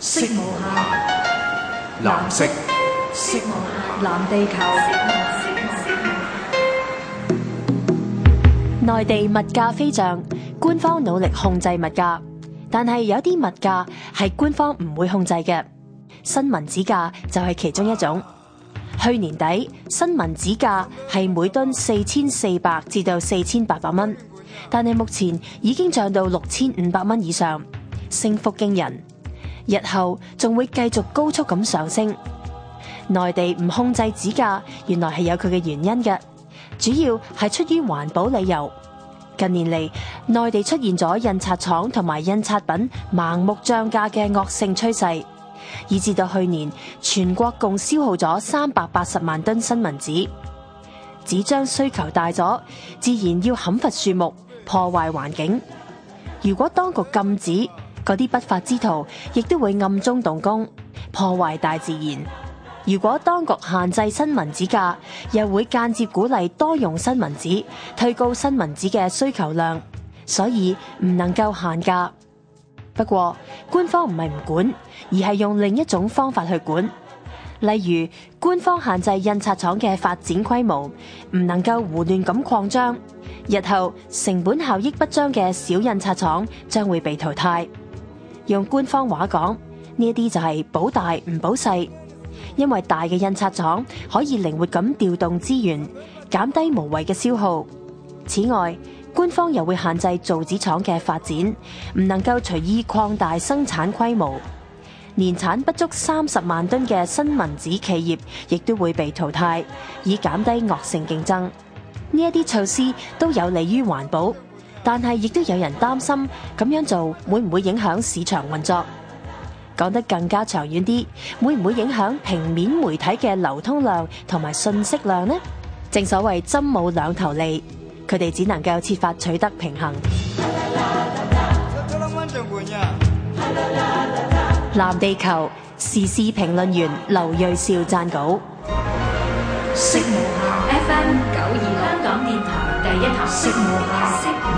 色無下藍色。色無限，藍地球。內地物價飛漲，官方努力控制物價，但係有啲物價係官方唔會控制嘅，新聞紙價就係其中一種。去年底新聞紙價係每噸四千四百至到四千八百蚊，但係目前已經漲到六千五百蚊以上，升幅驚人。日後仲會繼續高速咁上升，內地唔控制紙價，原來係有佢嘅原因嘅，主要係出於環保理由。近年嚟，內地出現咗印刷廠同埋印刷品盲目漲價嘅惡性趨勢，以至到去年全國共消耗咗三百八十萬噸新聞紙，紙張需求大咗，自然要砍伐樹木，破壞環境。如果當局禁止，嗰啲不法之徒亦都會暗中動工破壞大自然。如果當局限制新聞紙價，又會間接鼓勵多用新聞紙，推高新聞紙嘅需求量，所以唔能夠限價。不過，官方唔係唔管，而係用另一種方法去管，例如官方限制印刷廠嘅發展規模，唔能夠胡亂咁擴張。日後成本效益不彰嘅小印刷廠將會被淘汰。用官方話講，呢一啲就係保大唔保細，因為大嘅印刷廠可以靈活咁調動資源，減低無謂嘅消耗。此外，官方又會限制造紙廠嘅發展，唔能夠隨意擴大生產規模。年產不足三十萬噸嘅新聞紙企業亦都會被淘汰，以減低惡性競爭。呢一啲措施都有利於環保。但係亦都有人擔心，咁樣做會唔會影響市場運作？講得更加長遠啲，會唔會影響平面媒體嘅流通量同埋信息量呢？正所謂針冇兩頭利，佢哋只能夠設法取得平衡。藍地球時事評論員劉銳紹撰稿。FM 九二香港電台第一台。